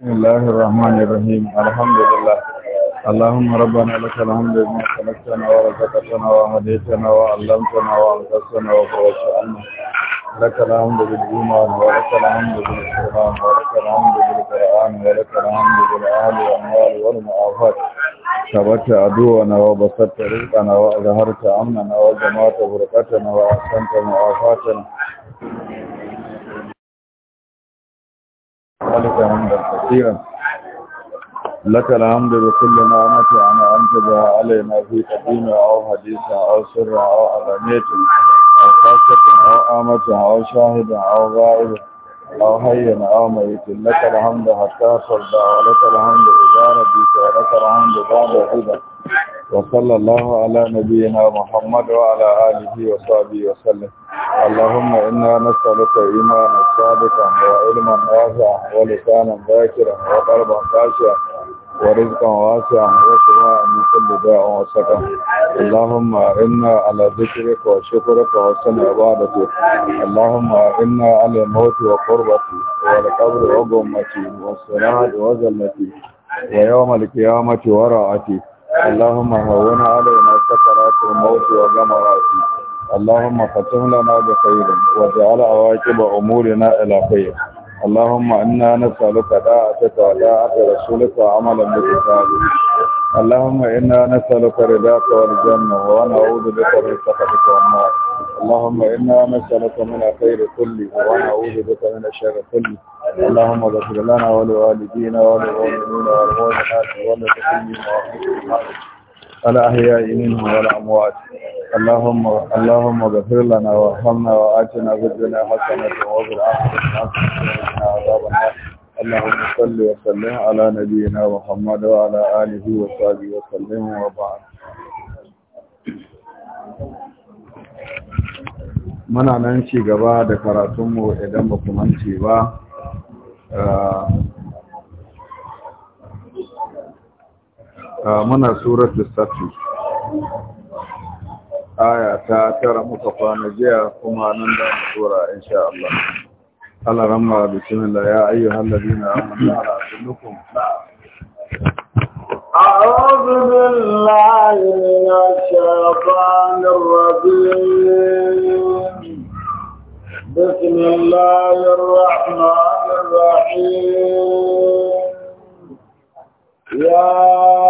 بسم الله الرحمن الرحيم الحمد لله اللهم ربنا لك الحمد بما خلقتنا ورزقتنا وهديتنا وعلمتنا وانقذتنا وفرجت عنا لك الحمد بالإيمان ولك الحمد بالإسلام ولك الحمد بالقرآن ولك الحمد بالأهل والمال والمعافاة ثبت عدونا وبسطت رزقنا وأظهرت أمننا وجمعت بركتنا وأحسنت معافاتنا ذلك الحمد كثيرا لك الحمد بكل نعمة أنا أنت بها علينا في قديم أو حديث أو سر أو علانية أو خاصة أو آمة أو شاهد أو غائب أو حي أو ميت لك الحمد حتى صلى ولك الحمد إذا رضيت ولك الحمد بعد رضا وصلى الله على نبينا محمد وعلى آله وصحبه وسلم اللهم إنا نسألك إيمانا صادقا وعلما نافعا ولسانا ذاكرا وقلبا خاشعا ورزقا واسعا وشفاء من كل داء وسقم اللهم إنا على ذكرك وشكرك وحسن عبادتك اللهم إنا على الموت وقربتي والقبر وغمتي والصراط وزلتي ويوم القيامة وراءتي اللهم هون علينا سكرات الموت وغمراتي اللهم فتح لنا بخير واجعل عواقب أمورنا إلى خير اللهم إنا نسألك داعتك وداعة رسولك عملا بكتابك اللهم إنا نسألك رضاك والجنة ونعوذ بك من سخطك والنار اللهم إنا نسألك من الخير كله ونعوذ بك من الشر كله اللهم اغفر لنا ولوالدينا وللمؤمنين والمؤمنات والمسلمين والمسلمات الأحياء منهم والأموات اللهم اللهم اغفر لنا وارحمنا وآتنا في الدنيا حسنة وفي الآخرة حسنة عذاب النار اللهم صل وسلم على نبينا محمد وعلى آله وصحبه وسلم وبعد muna nan ci gaba da karatunmu idan ba ku mance ba muna suratul safi aya ta tara muka kwana jiya kuma nan da mu tura insha Allah Allah ramma bismillah ya ayyuhal ladina amanu ala kullukum أعوذ بالله من الشيطان الرجيم بسم الله الرحمن الرحيم يا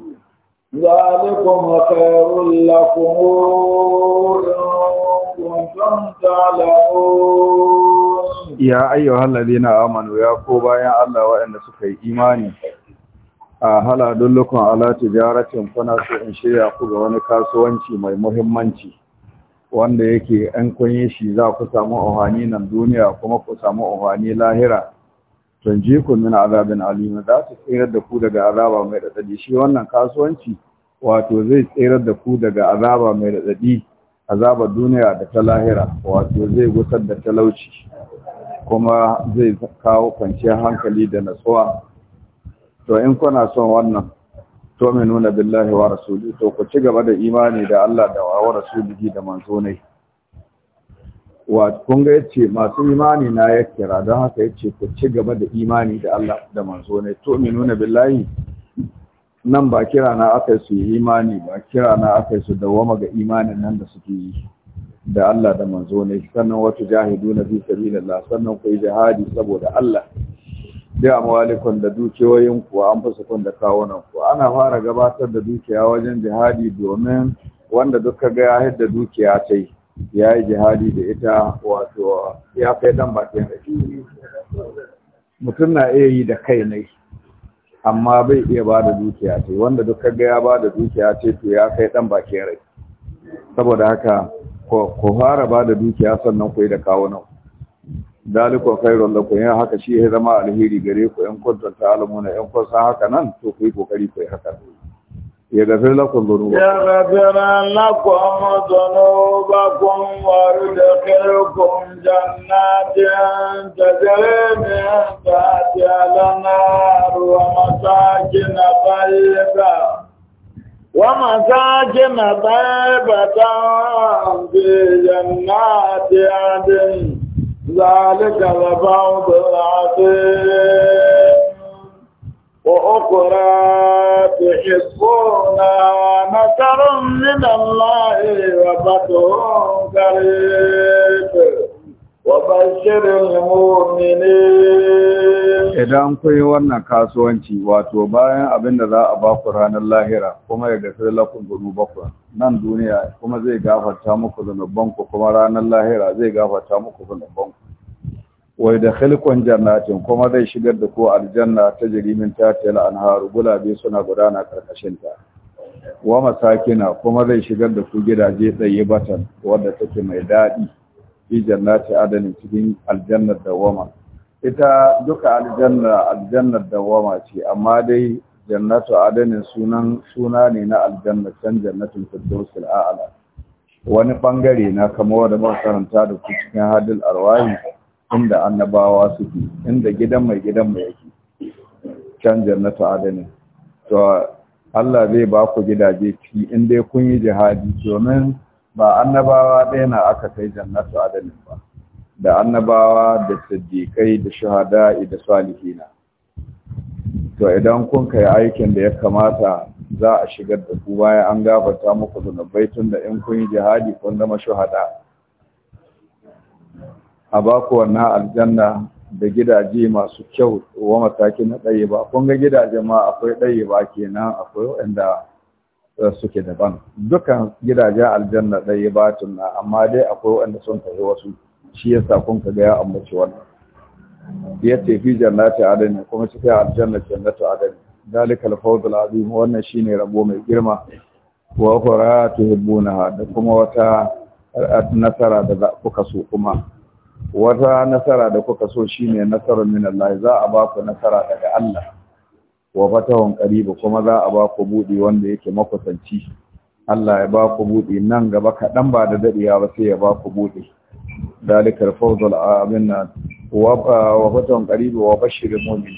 Zaliku ma karin lakubo don kunsangta labo. Ya ko bayan Allah waɗanda suka yi imani. A hala, dole kan alatu gyara kimfuna sau in shirya ku ga wani kasuwanci mai muhimmanci. Wanda yake yankunye shi za ku samu unguwanni nan duniya kuma ku samu unguwanni lahira. tunjikum min azabin alim za ta tsira da ku daga azaba mai dadi shi wannan kasuwanci wato zai tsira da ku daga azaba mai dadi azaba duniya da ta lahira wato zai gusar da talauci kuma zai kawo kwanciyar hankali da natsuwa to in kuna son wannan to nuna billahi wa rasuli to ku ci gaba da imani da Allah da wa rasuli da manzo ne wa kun ga yace masu imani na ya kira don haka yace ku ci gaba da imani da Allah da manzo ne to minuna billahi nan ba kira na aka su yi imani ba kira na aka su dawama ga imanin nan da suke yi da Allah da manzo ne sannan wata jahidu na fi sabilillah sannan ku yi jihadi saboda Allah da amwalikun da dukiyoyin ku an fasa kun da kawunan ku ana fara gabatar da dukiya wajen jihadi domin wanda duka ga ya da dukiya ta yi ya yi jihadi da ita wato ya kai dan bakin rashi mutum na iya yi da kai ne amma bai iya ba da dukiya ce wanda duk kaga ya ba da dukiya ce to ya kai dan bakin rai saboda haka ku fara ba da dukiya sannan ku yi da kawo nan daliko da ku yi haka shi ya zama alheri gare ku yan alamu alamuna yan kun haka nan to ku yi kokari ku yi haka يغفر لكم ذنوبكم يغفر لكم ذنوبكم ويدخلكم جنات تجري من تحتها الانهار ومساكن طيبة ومساكن طيبة في جنات عدن ذلك الفوز العظيم أخرى تحبونها مكر من الله وفتح قريب وبشر المؤمنين idan kun yi wannan kasuwanci wato bayan abin da za a baku ranar lahira kuma ya gasar lafin zunubanku nan duniya kuma zai gafarta muku zunubanku kuma ranar lahira zai gafarta muku zunubanku wai da khalqan jannatin kuma zai shigar da ku aljanna ta jirimin tatil anharu gulabe suna gudana karkashin ta wa masakina kuma zai shigar da ku gidaje tsaye batan wadda take mai daɗi fi jannati adani cikin aljannar dawama ita duka aljanna aljannar dawama ce amma dai jannatu adanin sunan suna ne na aljanna san jannatin firdaus al'ala wani bangare na kamar wanda ba karanta da ku cikin hadil arwahi inda annabawa suke inda gidan mai gidan mai yake can jannatu adani to Allah zai ba ku gidaje ciki in dai kun yi jihadi domin ba annabawa ɗaya na aka kai jannatu adalin ba da annabawa da siddiƙai da shahada da salihina to idan kun kai aikin da ya kamata za a shigar da ku bayan an gafarta muku zunubai tun da in kun yi jihadi kun zama shahada a ku wannan aljanna da gidaje masu kyau wa mataki na ɗaya ba kun ga gidaje ma akwai ɗaya ba kenan akwai waɗanda eh, suke daban dukan gidajen aljanna ɗaya ba tunna amma dai akwai waɗanda sun tafi wasu shi yasa kun ka ga ya ambaci wannan ya ce fi jannati adani kuma cikin aljanna jannatu adani dalika al-fawz al-azim wannan shine rabo mai girma wa da kuma wata eh, nasara da kuka so kuma wata nasara da kuka so shi ne nasarar min Allah za a ba ku nasara daga Allah wa fatahun qariba kuma za a ba ku budi wanda yake makusanci Allah ya ba ku budi nan gaba kaɗan ba da dadiya ba sai ya ba ku budi dalikal fawzul amin ah, wa fatahun qariba wa bashir mu'min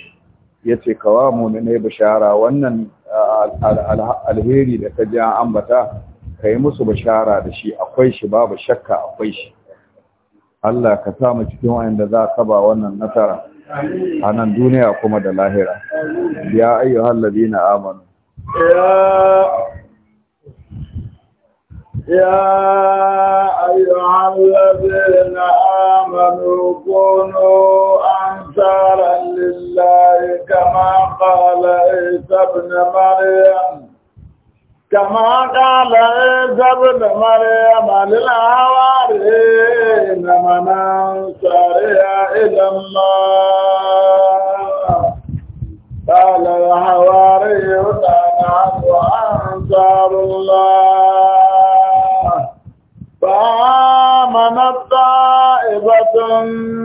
yace kawa ne bishara wannan ah, alheri da ka ji ambata kai musu bishara da shi akwai shi babu shakka akwai shi Allah ka sa mu cikin wanda za kaba wannan nasara a nan duniya kuma da lahira ya ayyuhal ladina amanu ya يا أيها الذين آمنوا كونوا أنصارا لله كما قال عيسى كما قال عيسى ابن مريم للحواريين من انصار الى الله قال الحواريون نحن انصار الله فآمنت طائفة منهم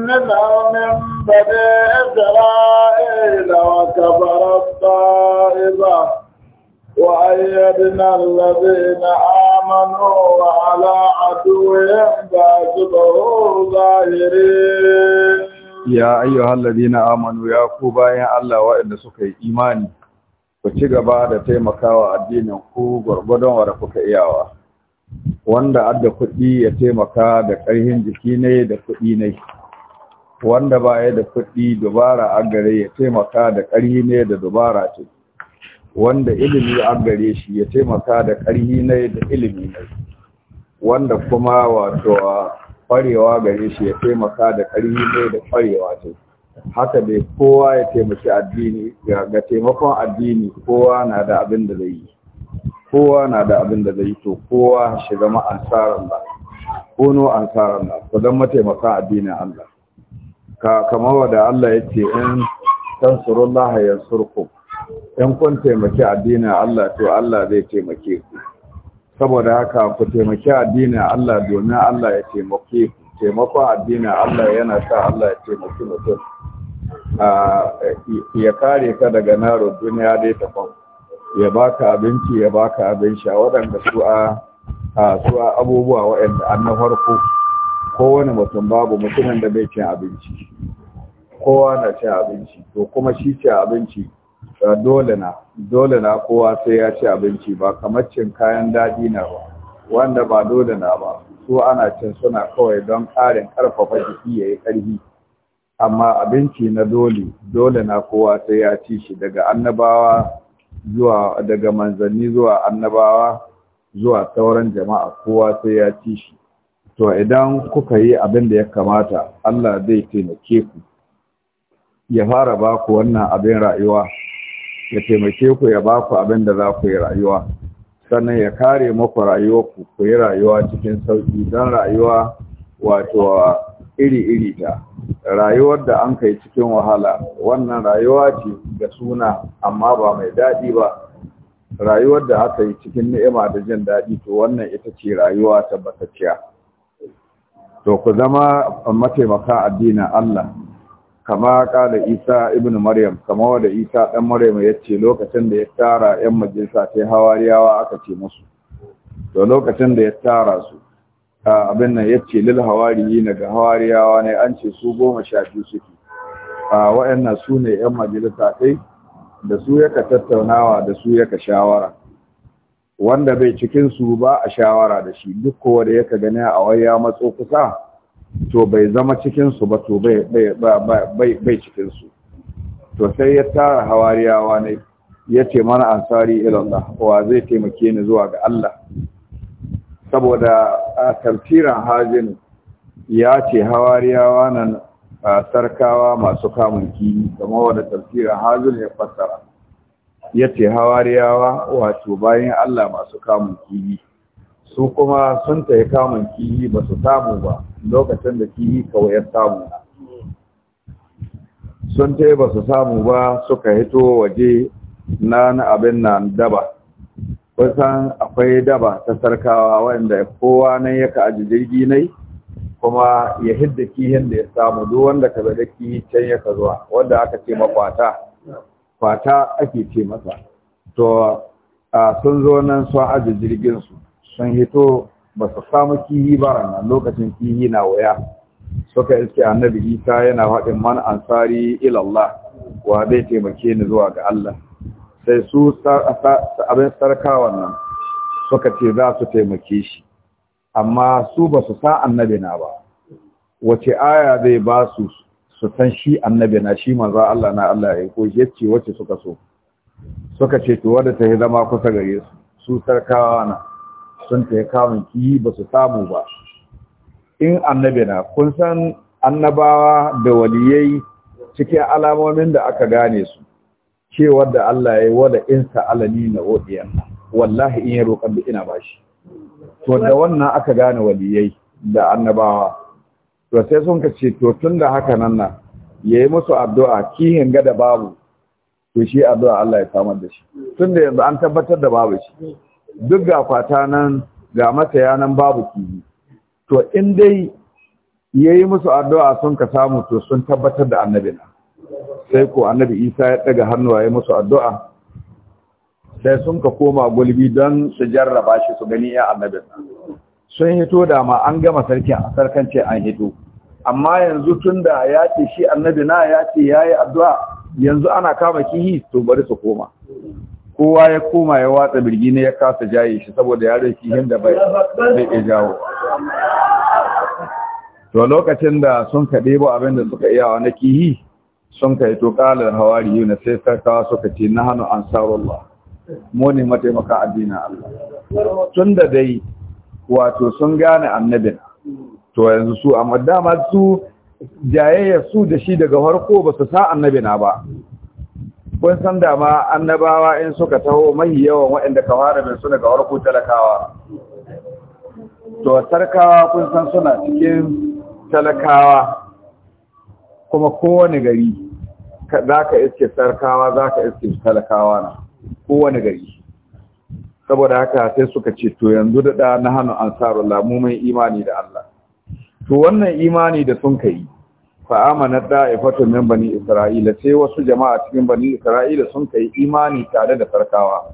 من بني إسرائيل وكفرت طائفة وأيدنا الذين آمنوا وعلى عدوهم فأجبهم ظاهرين يا أيها الذين آمنوا يا يا الله وإن سكي إيماني ku ci gaba da taimakawa addinin ku gwargwadon wa da kuka iyawa wanda adda kuɗi ya taimaka da ƙarhin jiki ne da kuɗi ne wanda baya da kuɗi dubara agare ya taimaka da ƙarhi ne da dubara ce wanda ilimi an gare shi ya taimaka da ƙarfi na da ilimi na wanda kuma wato ƙwarewa gare shi ya taimaka da ƙarfi na da ƙwarewa ce haka dai kowa ya taimaki addini ga taimakon addini kowa na da abin da zai yi kowa na da abin da zai yi, to kowa shiga ma ansaran ba kono ansaran ba ku don mataimaka addinin Allah ka kamar da Allah ya ce in tansurullah yansurkum ‘yan kun taimaki addinin Allah to Allah zai taimake ku saboda haka ku taimaki addinin Allah domin Allah ya taimake ku taimakon addinin Allah yana sa Allah ya taimaki mutum ya kare ka daga narin duniya dai tafan ya baka abinci ya baka abin sha waɗanda su a su a abubuwa waɗanda an na farko kowane mutum babu mutumin da bai cin abinci kowa na cin abinci to kuma shi cin abinci dole na dole na kowa sai ya ci abinci ba kamar cin kayan daɗi na ba wanda ba dole na ba su ana cin suna kawai don ƙarin ƙarfafa jiki ya yi ƙarfi amma abinci na dole dole na kowa sai ya ci shi daga annabawa zuwa daga manzanni zuwa annabawa zuwa sauran jama'a kowa sai ya ci shi to idan kuka yi abin da ya kamata Allah zai taimake ku ya fara ba ku wannan abin rayuwa ya taimake ku ya ba ku abin da za ku yi rayuwa sannan ya kare maku rayuwa ku yi rayuwa cikin sauki don rayuwa wato iri-iri ta rayuwar da an kai cikin wahala wannan rayuwa ce ga suna amma ba mai daɗi ba rayuwar da aka yi cikin ni'ima da jin daɗi to wannan ita ce rayuwa ta tabbatacciya to ku zama mataimaka addinin Allah kama kala isa ibn maryam kama wanda isa dan maryam yace ce lokacin da ya tara yan majalisa sai hawariyawa aka ce musu to lokacin da ya tara su abin nan ya lil hawariyi na ga hawariyawa ne an ce su goma sha biyu suke wayannan su ne yan majalisa dai da su yaka tattaunawa da su yaka shawara wanda bai cikin su ba a shawara da shi duk kowa da yaka gani a waya matso kusa to bai zama cikinsu ba to bai cikinsu to sai ya tara hawariyawa ne ya ce mana ansari ilallah wa zai taimake ni zuwa ga Allah saboda a tartiran hajin ya ce hawariyawa nan sarkawa masu kamun kiyi kamar wadda tartiran hajin ya fassara ya ce hawariyawa wato bayan Allah masu kamun kiyi su kuma sun ta kamun kihi ba su samu ba lokacin da kihi kawai ya samu sun ta ba su samu ba suka hito waje na abin nan daba kusan akwai daba ta sarkawa wanda kowa nan ya ka aji jirgi nai kuma ya hidda kihin da ya samu duk wanda ka bada kihi can ya ka zuwa wanda aka ce makwata kwata ake ce masa to sun zo nan sun jirgin su. sun hito ba su samu kihi ba ranar lokacin kihi na waya suka iske annabi isa yana haɗin man ansari ilallah wa zai taimake ni zuwa ga Allah sai su abin sarkawan nan suka ce za su taimake shi amma su ba su sa annabi na ba wace aya zai ba su su san shi annabi na shi manzo Allah na Allah ya ko yace wace suka so suka ce to wanda ta zama kusa gare su su sarkawa na sun ta kamun kiyi ba su samu ba in annabi na kun san annabawa da waliyai cikin alamomin da aka gane su cewar da Allah ya yi wadda in sa'alani na odiyan wallahi in ya roƙar da ina bashi to da wannan aka gane waliyai da annabawa to sai sun ka ce to tun da haka nan na ya yi musu addu'a kihin ga da babu to shi addu'a Allah ya samar da shi tun da yanzu an tabbatar da babu shi duk ga kwata nan ga masaya nan babu kihi to in dai ya yi musu addu'a sun ka samu to sun tabbatar da annabi na sai ko annabi Isa ya daga hannuwa ya musu addu'a sai sun ka koma gulbi don su jarraba shi su gani ya annabin sun hito da ma an gama sarki a sarkance an hito amma yanzu tun da ya ce shi annabi na ya ce ya yi addu'a yanzu ana kama kihi to bari su koma kowa ya koma ya watsa birgi ne ya kasa jaye shi saboda yaron shi da bai iya jawo to lokacin da sun ka ɗebo abin da suka iya wani kihi sun ka yi to ƙalar hawari yau na sai sarkawa suka ce na hannu an mu ne mataimaka addinin Allah tun da dai wato sun gane annabin to yanzu su amma dama su jayayya su da shi daga farko ba su sa annabina ba kun san da ma annabawa in suka taho mai yawan waɗanda ka fara bin su daga warku talakawa to sarkawa kun san suna cikin talakawa kuma kowane gari za ka iske sarkawa za ka iske talakawa na kowane gari saboda haka sai suka ce to yanzu da na hannun ansarullah mu mai imani da Allah to wannan imani da sun kai fa amana da'ifatu min bani isra'ila sai wasu jama'a cikin bani isra'ila sun kai imani tare da sarkawa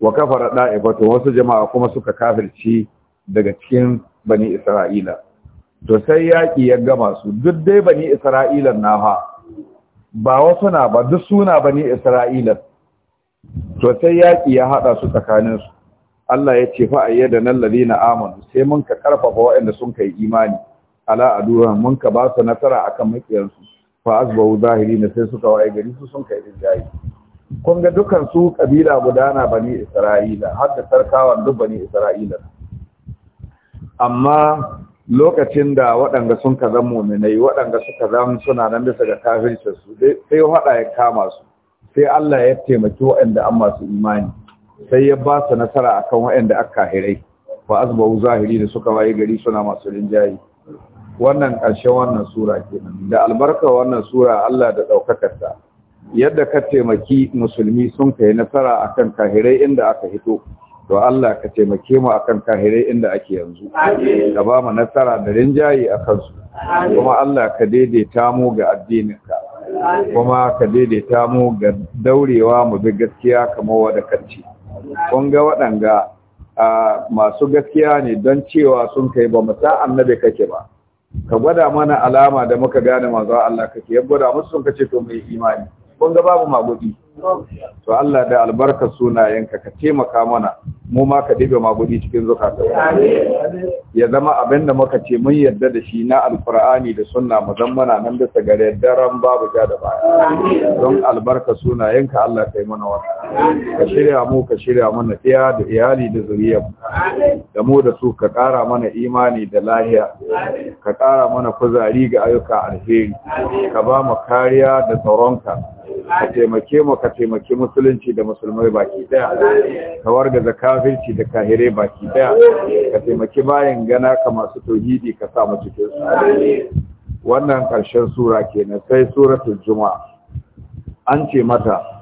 wa kafara da'ifatu wasu jama'a kuma suka kafirci daga cikin bani isra'ila to sai yaki ya gama su duk dai bani isra'ilan na fa ba wasu na ba duk suna bani isra'ilan to sai yaki ya hada su tsakanin su Allah ya ce fa ayyadana alladhina amanu sai mun ka karfafa waɗanda sun kai imani ala aduwa mun ka ba su nasara akan makiyansu fa zahiri zahirina sai suka waye gari su sun kai rinjayi kun ga dukan su kabila gudana bani isra'ila har da sarkawan duk bani isra'ila amma lokacin da waɗanda sun ka zan muminai waɗanda suka zan suna nan bisa ga kafircin su sai haɗa ya kama su sai Allah ya taimaki waɗanda an masu imani sai ya ba su nasara akan waɗanda aka hirai fa azbahu zahiri da suka waye gari suna masu rinjayi wannan ƙarshen wannan sura kenan da albarka wannan sura Allah da ɗaukakarta yadda ka taimaki musulmi sun kai nasara akan kahirai inda aka hito to Allah ka taimake mu akan kahirai inda ake yanzu ka ba mu nasara da rinjaye a kansu kuma Allah ka daidaita mu ga addininka kuma ka daidaita mu ga daurewa mu bi gaskiya kamar wada kanci kun ga waɗanga masu gaskiya ne don cewa sun kai ba mu sa annabi kake ba ka gwada mana alama da muka gane mazu Allah kake ya gwada musu sun kace to mai imani kun ga babu magudi to Allah da albarkar sunayenka ka taimaka mana mu ma ka dibe magudi cikin zukata ya zama abin da muka ce mun yarda da shi na alkur'ani da sunna mu zan muna nan bisa gare daren babu ja da baya don albarka sunayenka Allah kai mana wata. ka shirya mu ka shirya mana iya da iyali da zuriya da mu da su ka ƙara mana imani da lahiya ka ƙara mana kuzari ga ayyuka alheri ka ba mu kariya da tsaronka ka taimake mu ka taimake musulunci da musulmai baki daya ka wargaza kafirci da kahire baki daya ka taimake bayan gana ka masu tauhidi ka sa mu cikin su wannan karshen sura kenan sai suratul juma'a an ce mata